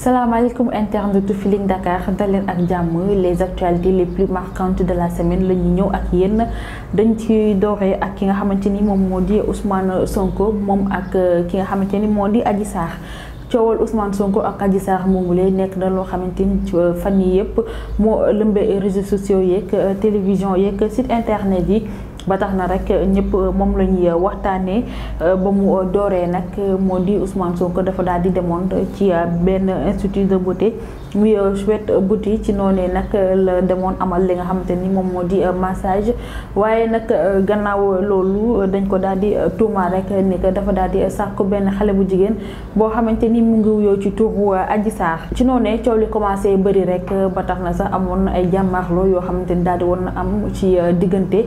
salaamaaleykum internet du Feeling Dakar dal leen ak jàmm les actualités les plus marquantes de la semaine la ñu ñëw ak yéen dañ ci dooree ak ki nga xamante ni moom moo di Ousmane Sonko moom ak euh, ki nga xamante ni moo di Adji coowal Ousmane Sonko ak Adji Sarr moomu lay nekk na loo xamante ni euh, fan yi yëpp moo lëmbee réseaux sociaux yeeg euh, télévision yeeg site internet yi. ba tax na rek ñëpp moom la ñuy waxtaanee ba mu dooree nag moo di Ousmane Sonko dafa daal di demoon ci benn institut de beauté muy Chouette Beauty ci noonee nag la demoon amal li nga xamante ni moom moo di massage waaye nag gannaaw loolu dañ ko daal di tuuma rek ni dafa daal di sàkku benn xale bu jigéen boo xamante ni mu ngi wuyoo ci turu Adji Sarr ci noonee coow li commencé bëri rek ba tax na sax amoon ay jàmmaarloo yoo xamante ni daal di woon na am ci diggante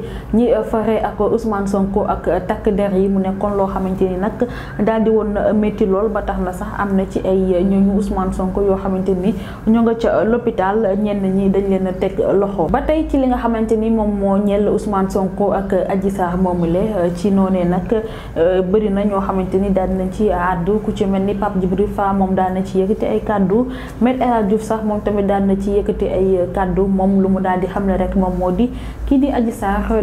fare ak Ousmane Sonko ak takk der yi mu nekkoon loo xamante ni nag dal di woon métti lool ba tax na sax am na ci ay ñooñu Ousmane Sonko yoo xamante ni ñoo nga ca l'hôpital ñenn ñi dañ leen a teg loxo ba tey ci li nga xamante ni moom moo ñeel Ousmane Sonko ak Adji Sarr moomule ci noonee nag bëri na ñoo xamante ni daal nañ ci àddu ku ci mel ni Pape Djibril Fall moom daal na ci yëkkati ay kàddu Me El sax moom tamit daal na ci yëkkati ay kàddu moom lu mu daal di xam ne rek moom moo di kii di Adji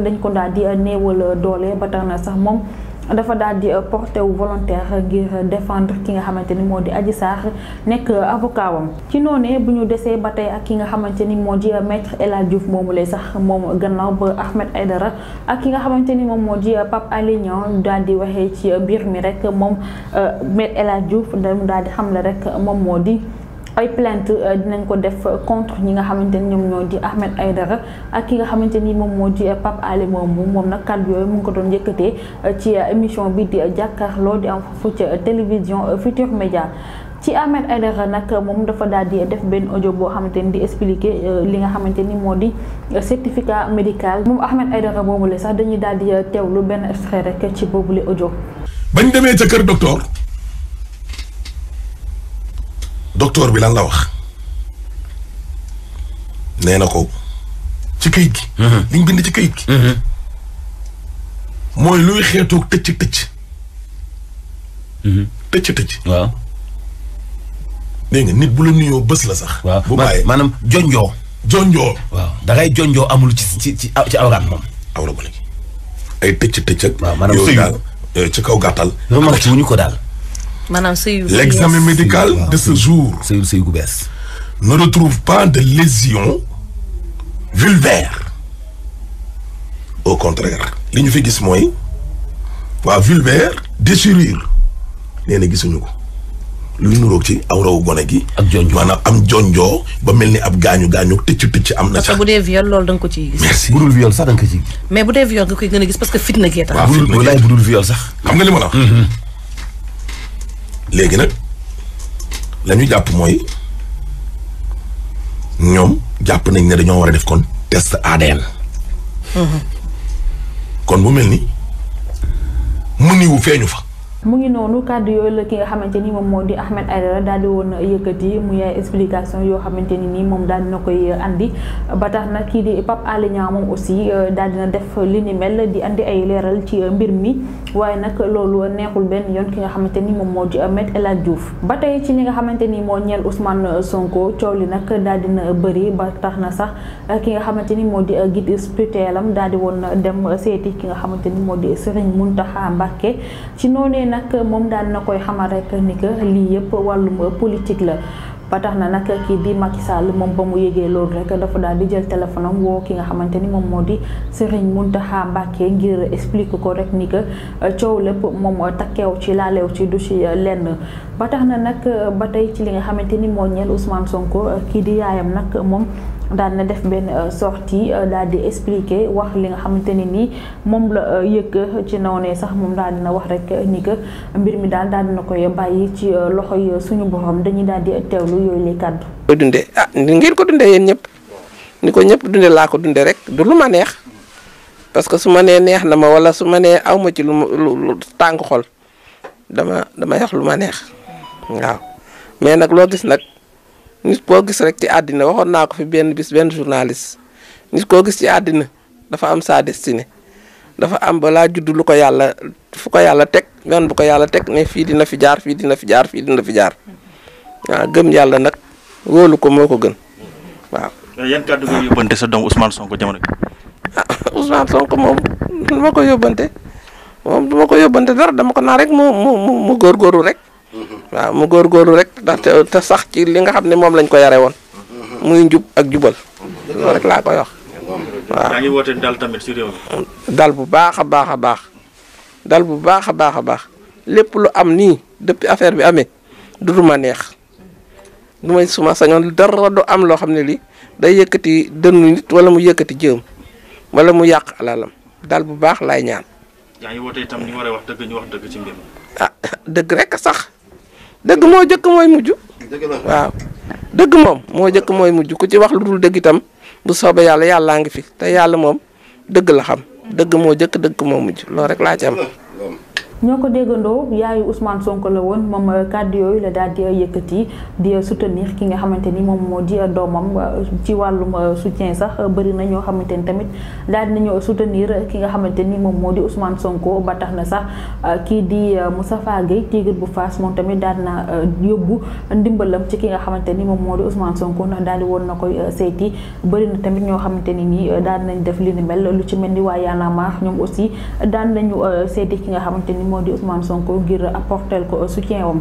dañ ko daal daal di néewal doole ba tax na sax moom dafa daal di euh, porté wu volontaire ngir défendre ki nga xamante ni moo di aji Sarr nekk avocat wam ci noonee bu ñu desee ba tey ak ki nga xamante ni moo di maître El Hadj Diouf moomu lay sax moom gannaaw ba Ahmed Aidara ak ki nga xamante ni moom moo di Pape Alé Niang daal di waxee ci biir mi rek moom euh, maître El Hadj Diouf damu daal di xamle rek moom moo di ay plainte euh, dinañ ko def contre ñi nga xamante ni ñoom ñoo di Ahmed Aïdara ak ki nga xamante ni moom moo di Pape Alé Momou moom nag kàddu yooyu mu ngi ko doon yëkkatee euh, ci euh, émission bi di jàkkaarloo di am fu ci télévision Futur Média ci Ahmed Aïdara nag moom dafa daal di def benn audio boo xamante ni di expliquer li nga xamante ni moo di certificat médical moom Ahmed boobu la sax dañuy daal di lu benn extrait rek ci boobule audio. bañ demee ca kër docteur. docteur bi lan la wax nee na ko ci kayit gi. Mhm. li ñu bind ci kayit gi. Mhm. mooy luy xeetoog tëcc tëcc. Mhm. tëcc tëcc. waaw. dégg nga nit bu la nuyoo bës la sax. waaw bu jonjoo. jonjoo. waaw da jonjoo amul ci ci ci ci awraam moom. awra ba léegi ay tëcc tëcc euh, ci kaw gàttal. loolu moom ko daal. maanaam sëyu l'examen médical de ce jour. sëyu sëyu gu bees. ne retrouve pas de lésion vulvaire au contraire. li ñu fi gis mooy waa vulvaire déchirure nee na gisuñu ko lu nuroog ci aw rawu gone gi. ak jonjoo maanaam jonjoo ba mel ni ab gaañu gaañu tëcc tëcc am na. sax bu dee viol loolu da ko ciy bu dul viol sax da ko ciy gis. mais bu dee viol nga koy gën a gis parce que fitna gee tax. waaw fitna viol sax. xam nga li léegi nag la ñu jàpp mooy ñoom jàpp nañ ne dañoo war a def kon test ADN. Mhm. kon bu mel ni mën mëniwu feeñu fa. mu ngi noonu kàddu yooyu la ki nga xamante ni moom moo di Ahmed Aidara daal di woon yëkkati muy ay explication yoo xamante ni nii moom daal dina koy andi ba tax na kii di Pape Alé moom aussi euh, daal dina def li ni mel di andi ay leeral ci mbir mi waaye nag loolu neexul benn yoon ki nga xamante ni moom moo di Maître El Hadji Diouf ba tey ci li nga xamante ni moo ñeel Ousmane Sonko coow li nag daal na bëri ba tax na sax ki nga xamante ni moo di guide spirituel am daal di woon dem seeti ki nga xamante ni moo di Serigne Mountakha Mbacké ci noonu nag moom daan na koy xamal rek ni que lii yëpp wàllum politique la. ba tax na nag kii di Macky Sall moom ba mu yëgee loolu rek dafa daal di jël téléphone am woo ki nga xamante ni moom moo di Serigne Mountakha Mbacké ngir explique ko rek ni que coow lépp moom takkeew ci laaleew ci du ci lenn. ba tax na nag ba tey ci li nga xamante ni moo ñeel Ousmane Sonko kii di yaayam nag moom. daal na def benn euh, sortie euh, daal di expliquer wax li nga xamante ne nii moom la euh, yëg ci noonee sax moom daal dina wax rek ni que mbir mi daal daal dina koy bàyyi ci loxo yi suñu borom dañuy daal di teewlu yooyu lay kàddu. koy dundee ah ngeen ko dundee yéen ñëpp ni ko ñëpp dundee laa ko dundee rek du lu ma neex parce que su ma nee neex na ma wala su ma nee aw ma ci lu lu tàng xol dama dama wax lu ma neex waaw mais nag loo gis nag. nit koo gis rek ci àddina waxoon naa ko fi benn bis benn journaliste nit koo gis ci àddina dafa am sa destinée dafa am balaa judd lu ko yàlla fu yàlla teg yoon bu ko yàlla teg ne fii dina fi jaar fii dina fi jaar fii dina fi jaar waaw gëm yàlla nag wóolu ko moo ko gën waaw. yan kàddu nga yóbbante sa doom Ousmane Sonko jamono bi. ah Ousmane Sonko moom du ma ko yóbbante moom du ma ko yóbbante dara dama ko naa rek moo mu mu góorgóorlu rek. waaw mu góor góorgóorlu rek ndaxte sax ci li nga xam ne moom lañ ko yare woon muy njub ak jubal loolu rek woote dal tamit ci réew bu baax a baax a baax dal bu baax a baax a baax lépp lu am ni depuis affaire bi amee du duduma neex lu may suma sañoon dara du am loo xam ne li day yëkkati dënnu nit wala mu yëkkati jëm wala mu yàq alalam dal bu baax laay ñaan. yaa ngi woote itam ñu wax dëgg ñu wax dëgg ci mbir ah dëgg sax. dëgg moo jëkk mooy mujj. waaw dëgg moom moo jëkk mooy mujj ku ci wax lu dul dëgg itam bu soobee yàlla yàllaa ngi fi te yàlla moom dëgg la xam dëgg moo jëkk dëgg moo mujj loolu rek laa ci ñoo ko déggandoo yaayu usmaan Sonko la woon moom euh, kàddu yooyu la daal di euh, yëkkati di euh, soutenir ki nga xamante ni moom moo di doomam ci wàllum soutien sax bëri na ñoo xamante ni tamit daal di soutenir ki nga xamante ni moom moo di Ousmane Sonko ba tax na sax kii di mu Moustapha Gueye Tigre bu Fass moom tamit daal na yóbbu ndimbalam ci ki nga xamante ni moom moo di Ousmane Sonko ndax daal di woon na koy seeti bëri na tamit ñoo xamante ni nii daal nañ def li ni mel lu ci mel ni waa Y'en ñoom aussi daal nañu seeti ki nga xamante ni moo di Ousmane Sonko ngir apporter ko soutien wam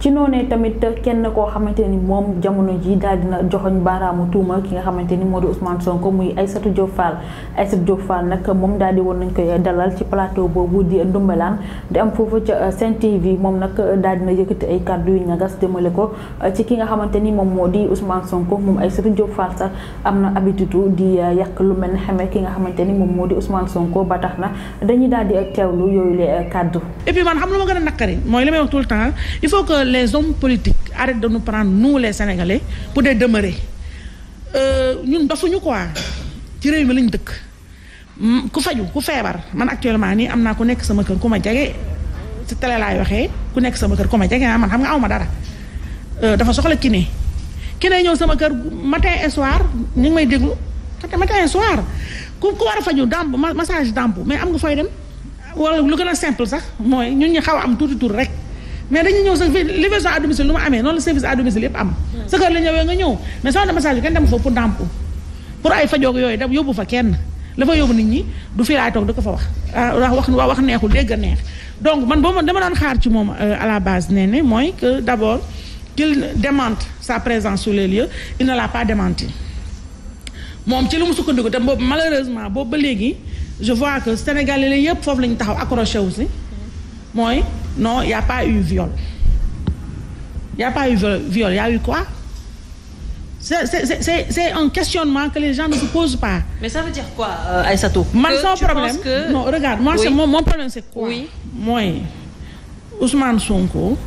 ci noonee tamit kenn koo xamante ni moom jamono ji daal dina joxoñ baaraamu tuuma ki nga xamante ni moo di Ousmane Sonko muy Aïssatou Diop Fall Aïssatou Diop Fall nag moom daal di woon nañ koy dalal ci plateau boobu di ndumbalaan di am foofu ca euh, Sen TV moom nag euh, daal dina yëkkati ay kàddu yu ñagas demale ko euh, ci ki nga xamante ni moom moo di Ousmane Sonko moom Aïssatou Diop Fall sax am na habitude di yàq lu mel ne xamee ki nga xamante ni moom moo di Ousmane ba tax na dañuy daal di teewlu yooyu le kàddu et man xam lu ma gën a naqari mooy li may wax il faut que les hommes politiques arrêtent de nous prendre nous les sénégalais pour des demeurés euh, ñun dofuñu quoi ci réew mi lañ dëkk ku faju ku feebar man actuellement nii am naa ku nekk sama kër ku ma jege ci laay waxee ku nekk sama kër ku ma jege ah, man xam nga aw ma dara euh, dafa soxla kiné kiné ñëw sama kër matin et soir ñu ngi may déglu matin et soir ku ku war a faju damp massage damp mais am nga fooy dem wala lu gën a simple sax mooy ñun ñu xaw a am tuuti tuuti rek. mais dañuy ñëw sa livraison à domicile nu ma amee noonu la service à domicile yëpp am sa kër la ñëwee nga ñëw mais centre de massage bi kenn dem fa pour pour ay fajoog yooyu dem yóbbu fa kenn la fa yóbbu nit ñi du fii laay toog da ko fa ah, wax wax wax neexul dégg a neex donc man boobu dama doon xaar ci moom euh, à la base nee ne mooy que d' abord qu'il démente sa présence sur les lieux il ne l'a pas démenti moom ci lu mu sukkandiku te boobu malheureusement boobu ba léegi je vois que sénégalais yëpp foofu la ñu taxaw accroché wu si mooy non y' a pas eu viol y' a pas eu viol y' eu quoi c' est c' un questionnement que les gens ne se posent pas. mais euh, man son problème que... non regarde moi oui. mon, mon problème c' est mooy Ousmane Sonko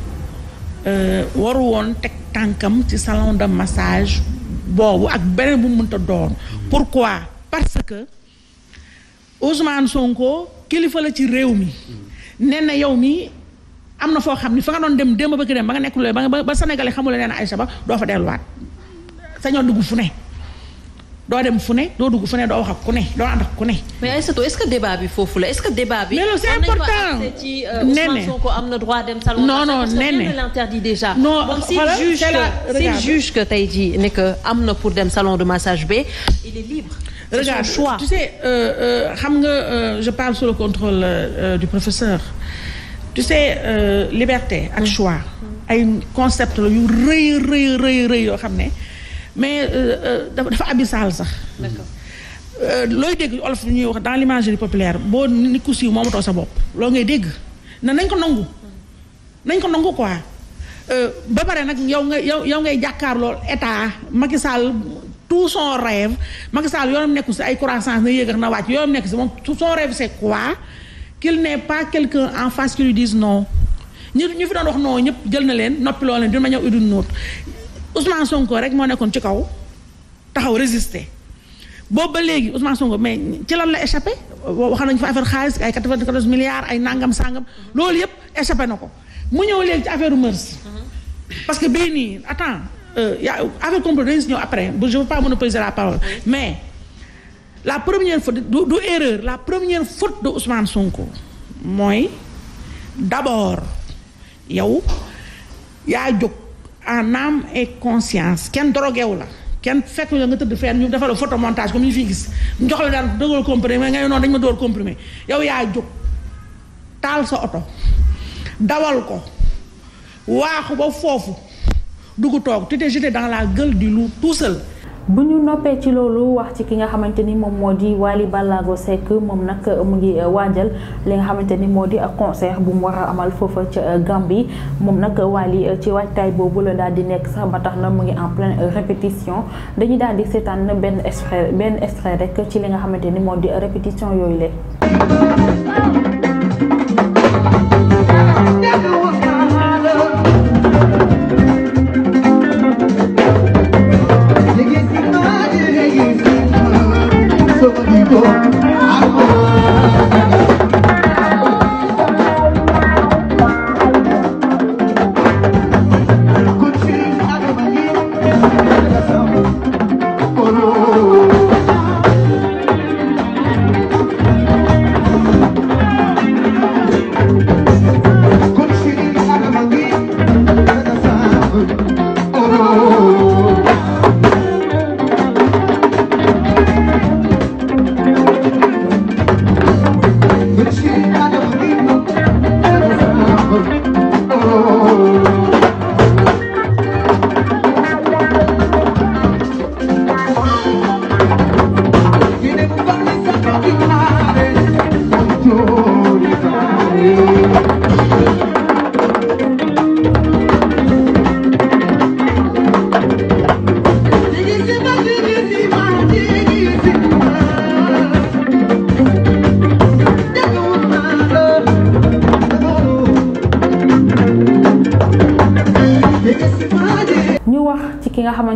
euh, woon teg tànkam ci salon de massage boobu ak beneen bu mu mënta doon. pourquoi parce que Ousmane Sonko kilifa la ci réew mi. nee na yow mi am na foo xam ni fa nga doon dem démb bëgg dem ba nga nekk lu ba ba sénégalais xamul ne Aïcha doo fa delluwaat sañoon dugg fu ne doo dem fu ne doo dugg fu ne doo wax ak ku ne doo ku ne. mais Aïssatou est-ce que débat bi foofu la est que débat euh, am na droit dem salon. non non nee l'interdit déjà. non voilà juge que s'il juge ne am na pour dem salon de massage bi il est libre. c'est son choix tu sais euh, euh, xam nga je parle sous le contrôle du professeur. tu sais euh, liberté ak mm. choix ay concept la yu rëy rëy yoo xam ne mais euh, euh, dafa abyssal sax euh, looy dégg olof ñuy wax dans l'imagerie populaire boo nit ku siiw moomatoo sa bopp loo ngay dégg na nañ ko nangu nañ ko nangu quoi ba pare nag yow nga yow yow ngay jàkkaarloo état Macky Sall tout son rêve Macky Sall yoonam nekku si ay croissance na yéeg ak na wàcc yoonam nekk si moom tout son rêve c'est quoi qu'il n'ait pas quelqu'un en face qui lui dise non ñu ñu fi doon wax noo ñëpp jël na leen noppi loo leen d'une manière ou d'une autre Ousmane Sonko rek moo nekkoon ci kaw taxaw résister boobu ba léegi Ousmane Sonko mais ci lan la échappé wax nañu fa affaire xaalis ay 94 milliards ay nangam sangam loolu yëpp échappé na ko mu ñëw léegi ci affaire mœurs parce que bii nii attends euh, y' a affaire complot dañu si après je veux pas monopoliser la parole mais. la première faute du du erreur la première faute de Ousmane Sonko mooy d'abord yow yaa jóg en âme et conscience kenn droguew la kenn fekk nga tëdd fenn ñu defal photomontage comme ñu fi gis njox la daan dëggal comprimé nga noonu dañ ma door comprimé yow yaa jóg taal sa oto dawal ko waaxu ba foofu dugg toog tu t'es jeté dans la gueule du loup tout bu ñu noppee ci loolu wax ci ki nga xamante ni moom moo di Wally Ballago Seck moom nag euh, mu ngi euh, waajal li nga xamante ni moo di concert bu mu war a amal foofa ca euh, Gambie moom nag Wally ci waajtaay boobu la daal di nekk sax ba tax na mu ngi en pleine répétition dañu daal di seetaan benn extrait benn extrait rek ci li nga xamante ni moo di répétition yooyu la Thank you.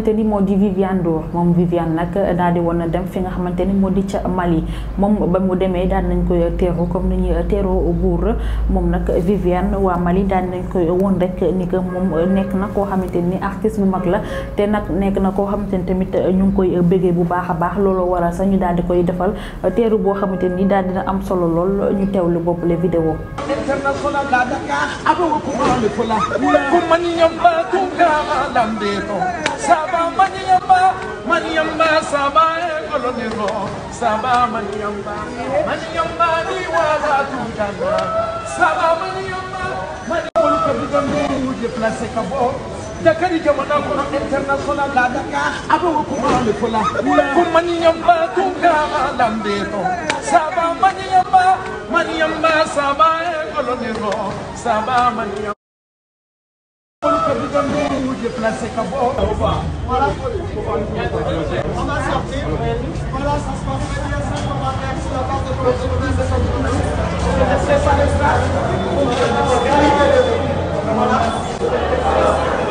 te ni moo di Viviane moom Viviane nag daal woon na dem fi nga xamante ni moo di ca Mali moom ba mu demee daan nañ koy teeru comme ni ñuy teeroo buur moom nag Viviane waa Mali daan nañ koy woon rek ni que moom nekk na koo xamante ni artiste bu mag la te nag nekk na koo xamante ni tamit ñu ngi koy bëggee bu baax a baax looloo waral sax ñu daal di koy defal teeru boo xamante ni daal dina am solo lool ñu teewlu bopp les vidéos. yamba man yamba man yamba saba e kolonelo saba man yamba man yamba ni wala tutana saba man yamba man kol kabi gambe wuje place kabo dakari jamana kono la dakar abo man yamba tunga lambe to saba man yamba saba e kolonelo saba man yamba kol kabi gambe Voilà. On a sorti. Voilà, ça se passe très bien. Ça, on va faire sur la base de production de la saison. On ne sait pas l'espace. Voilà.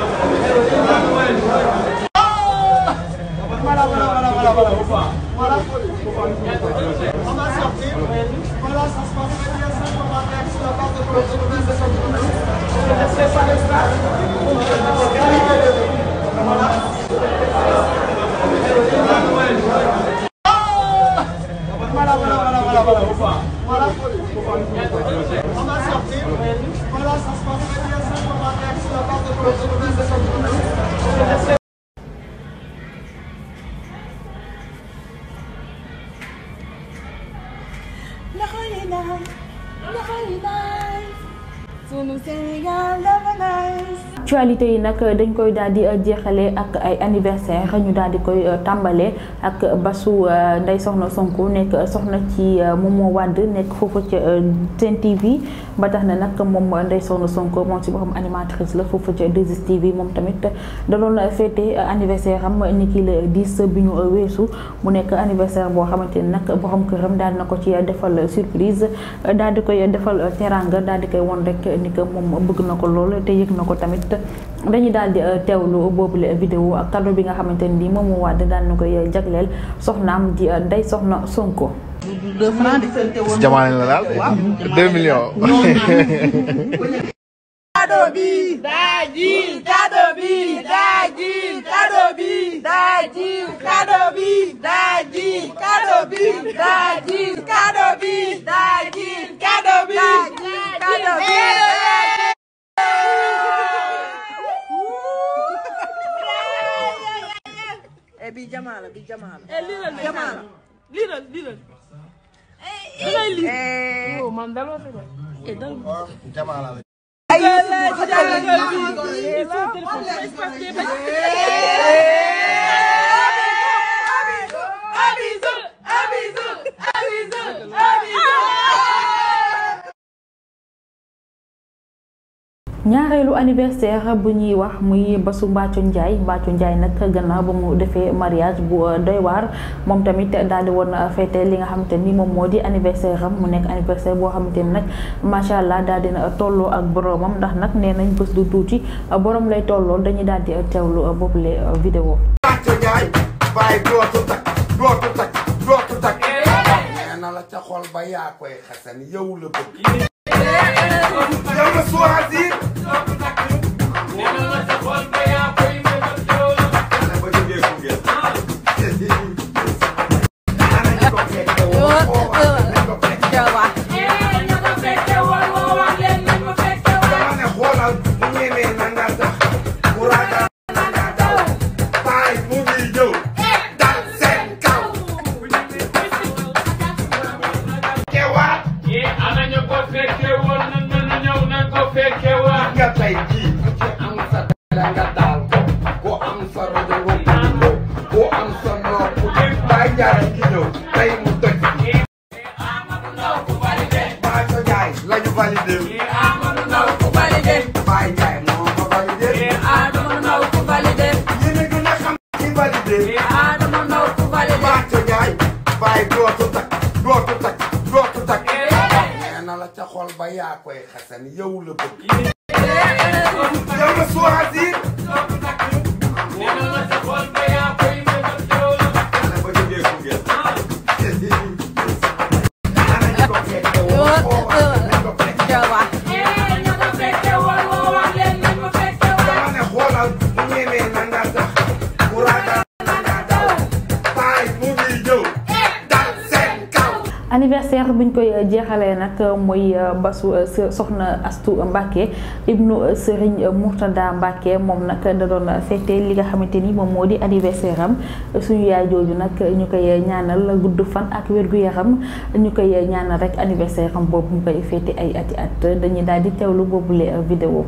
night, night, night. sunu actualité yi nag dañ koy daal di euh, jeexale ak ay anniversaire ñu daal di koy euh, tàmbale ak Basu euh, Ndeye Soxna Sonko nekk soxna ci moom moo wàdd nekk foofu ca Sen TV ba tax na nak moom Ndeye Soxna Sonko moom si boppam animatrice la foofu ca 2STV moom tamit da doon fêté anniversaire am ni ki la 10 bi ñu weesu mu nekk anniversaire boo xamante ne nag borom këram daal na ko ci defal surprise daal di koy defal teranga daal di koy won rek. ni que moom bëgg na ko lool te yëg na ko tamit dañuy daal di euh, teewlu boobule vidéo ak kàddu bi nga xamante ni moom moo waat daal na koy euh, jagleel soxnaam di euh, Ndeye Soxna Sonko. deux francs de. la daal deux millions. kado bi. daa ji kado daaji bi daaji kado bi daaji kado bi daaji kado bi kado bi eh bi jamaala bi jamaala eh lii jamaala lii la lii eh, ñaareelu anniversaire bu ñuy wax muy bésu Mbathio njaay Mbathio njaay nag gannaaw ba mu defee mariage bu doy waar moom tamit daal di woon fête li nga xamante ni moom moo di anniversaire mu nekk anniversaire boo xamante ni nag macha allah daal dina tolloo ak boromam ndax nag nee nañ bés du tuuti boroom lay tolloo dañuy daal di teewlu boobule vidéo. Mbathio Ndiaye dootu takk dootu takk nee na la ca xol ba yaa koy xasan yow la bëgg yow la choisir dootu takk nee na la ca xol ba yaa koy Yo. nee na la ca xol ba yaa koy xasan yow la bëgg. yow la soo xasir. nee na la ca xol ba. anniversaire bu ñu koy jeexalee nag mooy euh, basu euh, soxna Astu Mbacke ibnu euh, Serigne Mourtada Mbacke moom nag da doon fêté li nga xamante ni moom moo di anniversaire am suñu yaay jooju nag ñu koy ñaanal gudd fan ak wér-gu-yaram ñu koy ñaanal rek anniversaire am boobu ñu koy fêté ay ati at dañuy daal di boobu boobule vidéo.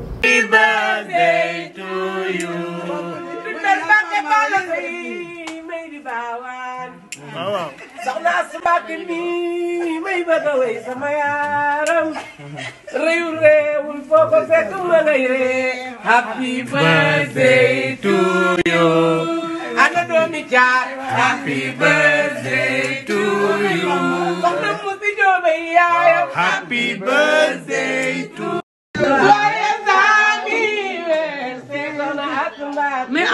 waaw soxna Astou Mbacké mi may bëgg a wéy sama yaram réyul réewul foo ko fekk ma ree happy birthday to you ana doomi jaar happy birthday to you soxna Musi Joobay yaayam happy birthday to you waaye saa mi weer seegoon Astou Mbacké mais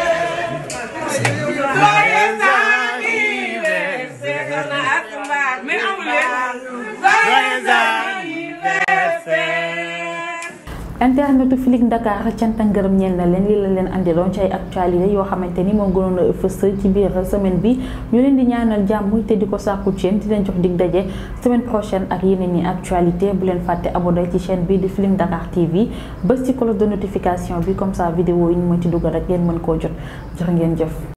internetu Feeling Dakar cant ak ngërëm ñeel na leen lii la leen andiloon ci ay actualité yoo xamante ni moo gënoon a fës ci biir semaine bi ñu leen di ñaanal jàmm te di ko sàkku ci di leen jox dig daje semaine prochaine ak yeneen i actualité bu leen fàtte abonné ci chaîne bi di Feeling Dakar TV bës ci cloche de notification bi comme ça vidéo yi ñu ma ci dugal rek ngeen mën koo jot jox ngeen jëf